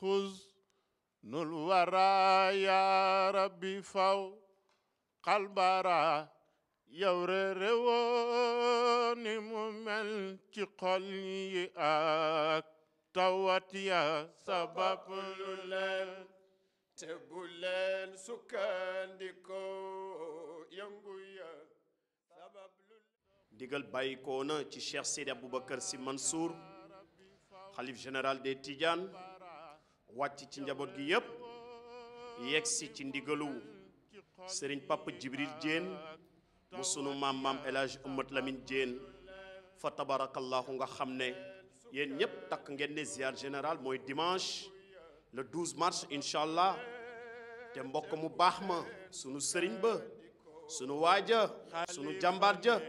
خذ نل ورا يا ربي فو قلبارا يور ريوني mu mel ci xol yi ak tawat ya sabab lu leen te bu leen sukkandikoo yëngu ya sabab ndigal bàyyikoo na ci Cheikh Seydi Aboubacar Sy Mansour xalif général des Tidianes wàcc ci njaboot gi yépp yegsi ci ndigalu sëriñ papa jibril jéen mu sunu maam maam El Hadj Ëmmat Lamine jéen fa tabarakallahu nga xam ne yéen ñépp takk ngeen ne ziar général mooy dimanche le 12 mars incha allah te mbokk mu baax ma sunu sëriñ ba sunu waaja sunu jàmbaar ja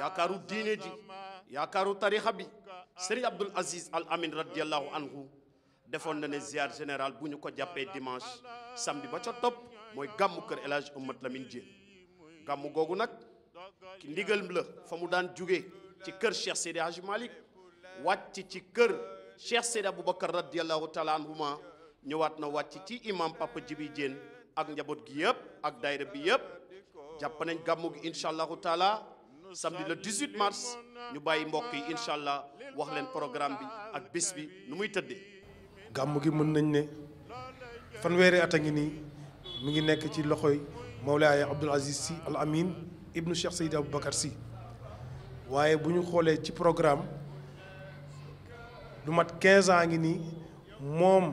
yaakaaru diine ji yaakaaru tarixa bi sëriñ abdul aziz al amin radiallahu anhu defoon na ne ziar général bu ñu ko jàppee dimanche samedi ba ca topp mooy gàmmu kër El Hadj Oumar Lamine Diène gàmmu googu nag ki ndigal la fa mu daan jugee ci kër Cheikh Seydi Hadji Malick wàcc ci kër Cheikh Seydi Aboubacar radiallahu taala anhuma ñëwaat na wàcc ci imam Papa Djibi Diène ak njaboot gi yëpp ak daayira bi yëpp jàpp nañ gàmmu gi incha allahu taala samedi le 18 mars ñu bàyyi mbokk yi incha allah wax leen programme bi ak bis bi nu muy tëddee. gàmm gi mën nañ ne fanweeri at a ngi nii mu ngi nekk ci loxoy Mawlaay Abdoul Aziz Sy Al Amin ibnu Cheikh Seydi Aboubacar Sy waaye bu ñu xoolee ci programme lu mat 15 ans ngi nii moom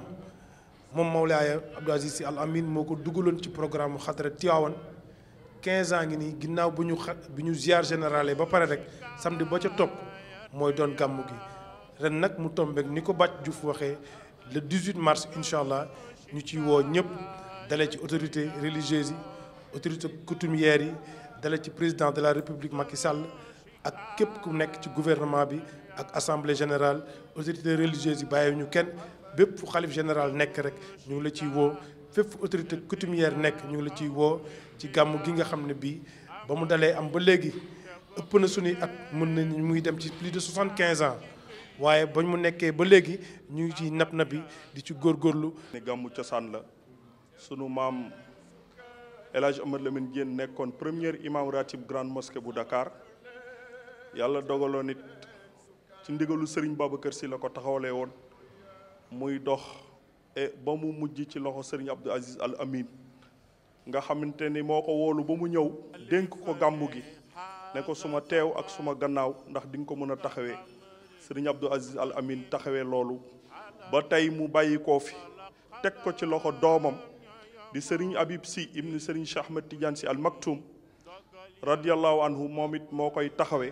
moom Mawlaay Abdoul Aziz Sy Al Amin moo ko dugaloon ci programme xadara Tiwaawan 15 ans ngi nii ginnaaw bu ñu xa bu ñu ziar générale ba pare rek samedi ba ca topp mooy doon gàmm gi ren nag mu tombeek ni ko Bac Diouf waxee le 18 mars incha allah ñu ci woo ñëpp dale ci autorité religieuse yi autorité coutumière yi dale ci président de la république Macky sàll ak képp ku nekk ci gouvernement bi ak assemblée générale autorité religieuse yi bàyyi ñu kenn bépp fu général nekk rek ñu ngi la ciy woo fépp autorité coutumière nekk ñu ngi la ciy woo ci gàmm gi nga xam ne bii ba mu dalee am ba léegi ëpp na suñuy at mën nañu muy dem ci plus de 75 ans waaye bañ mu nekkee ba léegi ñu ngi ciy nap nabi di ci góorgóorlu. ne gàmmu cosaan la sunu maam El Hadj Amadou Lamine Diène nekkoon premier imam ratib grande mosquée bu Dakar yàlla dogaloo nit ci ndigalu sëriñ Serigne kër si la ko taxawalee woon muy dox et ba mu mujj ci loxo Serigne Abdou Aziz Al Amin nga xamante ni moo ko woolu ba mu ñëw dénk ko gàmmu gi ne ko suma teew ak suma gannaaw ndax di ko mën a taxawee. sëriñ Abdou Aziz Al Amin taxawee loolu ba tey mu bàyyi koo fi teg ko ci loxo doomam di sëriñ Habib si ibni sëriñ Cheikh Ahmed si Sy Al Maktoum radiallahu anhu moom it moo koy taxawee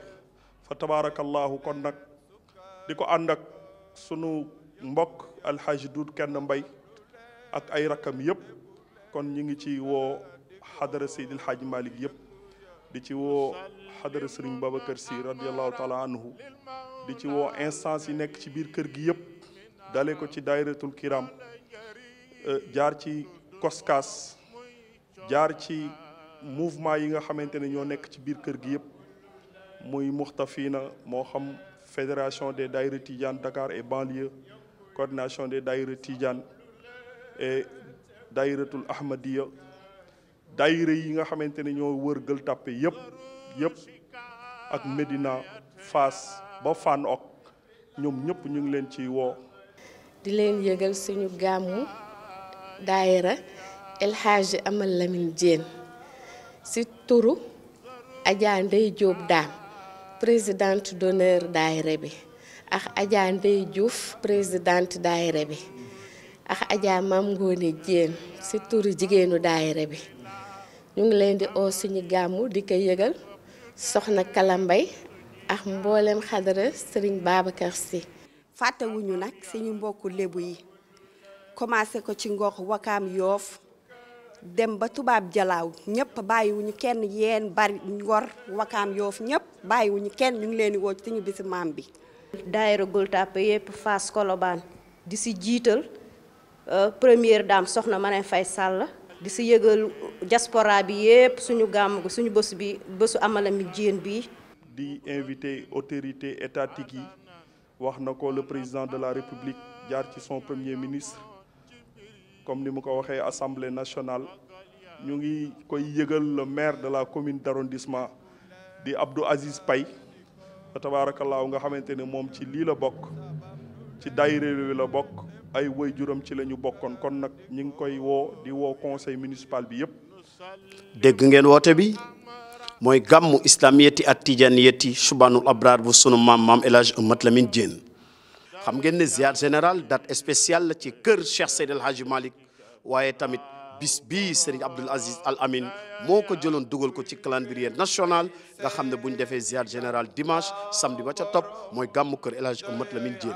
fa tabaarakallaahu kon nag di ko ànd ak sunu mbokk alxaaji Duud Kenn Mbay ak ay rakkam yëpp kon ñu ngi ci woo xadara Seydil yëpp di ci woo xadara sëriñ Babacar Sy radiallahu taala anhu di ci woo instance yi nekk ci biir kër gi yëpp dale ko ci daayiratul kiram euh, jaar ci koskas jaar ci mouvement yi nga xamante ne ñoo nekk ci biir kër gi yëpp muy muxtafina moo xam fédération des daayira tidiane Dakar et banlieue coordination des daayira tidiane et daayiratul ahmadiya daayira yi nga xamante ne ñoo wër gël tàppe yëpp yëpp ak Médina Fass ba Fann ok ñoom ñëpp ñu leen ciy woo. di leen yëgal suñu gàmmu daayira elhage Amal Lamine jéen si turu Adja Ndeye Diop Dame présidente d'honneur daayira bi ak Adja Ndeye Diouf présidente daayira bi ak Adja Mam Ngoone Diène si turu jigéenu daayira bi ñu ngi leen di oo suñu gàmmu di ko yëgal. soxna kalambay ak mboolem xadara sëriñ Babacar si fàttewuñu nag suñu mbokku lébu yi commencé ko ci ngox wakaam yoof dem ba tubaab jalaaw ñëpp bàyyiwuñu kenn yeen bari ngor wakaam yoof ñëpp bàyyiwuñu kenn ñu ngi leen di woo ci suñu bisi maam bi daayira Gueule-Tapée yëpp Fass Colobane di si jiital euh, première dame soxna Marème fay sàll di si yëgal diaspora bi yépp suñu gàmm gi suñu bés bi bésu amalami jéen bi di invité autorité étatique yi wax na ko le président de la république jaar ci son premier ministre comme ni mu ko waxee assemblée nationale ñu ngi koy yëgal le maire de la commune d'arrondissement di Abdou Aziz Paye tabaarakallah nga xamante ne moom ci lii la bokk ci daayira bi la bokk ay woy juróom ci la ñu bokkoon kon nag ñu ngi koy woo di woo conseil municipal bi yëpp. dégg ngeen woote bi mooy gàmmu islamiyeti at tijaniyeti subaanul abraar bu sunu maam maam El Hadj Amat Lamine Diène xam ngeen ne ziar général date spéciale la ci kër Cheikh Seydi El Hadji waaye tamit bis bii Serigne Abdoul Aziz Al Amin moo ko jëloon dugal ko ci calendrier national nga xam ne bu ñu defee ziar général dimanche samedi ba ca topp mooy gàmmu kër El Hadj Amat Lamine Diène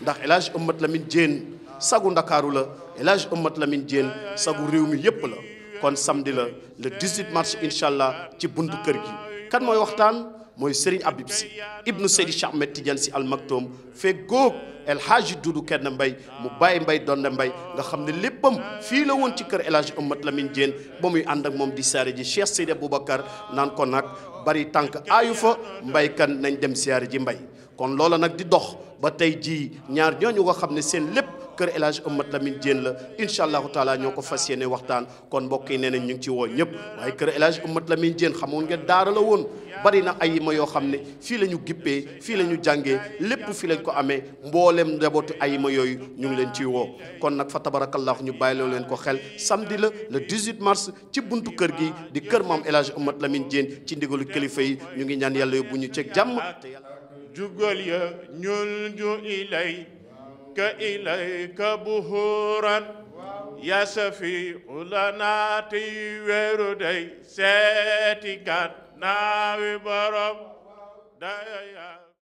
ndax El Hadj Amat Lamine Diène sagu ndakaaru la El Hadj la Lamine Diène sagu réew mi yépp la kon samedi la le 18 mars incha allah ci buntu kër gi kan mooy waxtaan mooy Serigne Abib si ibnu Seydi Cheikh Ahmed si Al Maktoum fekk góog El Hadj kenn mbay mu bàyyi mbay donde mbay nga xam ne léppam fii la woon ci kër El Hadj la Lamine Diène ba muy ànd ak moom di saare ji Cheikh Seydi Aboubacar naan ko nag bari tànk aayu fa mbay kan nañ dem siyaare ji mbay kon loola nag di dox ba tey jii ñaar ñooñu nga xam ne seen lépp kër El Hadj Amat Lamine jéen la incha allahu taala ñoo ko fas yéene waxtaan kon mbokk yi nee nañ ñu ngi ci woo ñëpp waaye kër El Hadj Amat Lamine xamoon ngeen daara la woon bari na ay ma yoo xam ne fii la ñu gippee fii la ñu jàngee lépp fii lañ ko amee mboolem njabootu ay ma yooyu ñu ngi leen ciy woo kon nag fa tabarakallahu ñu bàyyiloo leen ko xel samedi la le 18 mars ci buntu kër gi di kër maam élage Hadj Amat Lamine Diène ci ndigalu kilifa yi ñu ngi ñaan yàlla yóbbu ñu ceeg jàmm jugal ya ñul ju ilay ka ilay ka buhuran ya safi ulanaati weeru day seeti gannaawi borom daya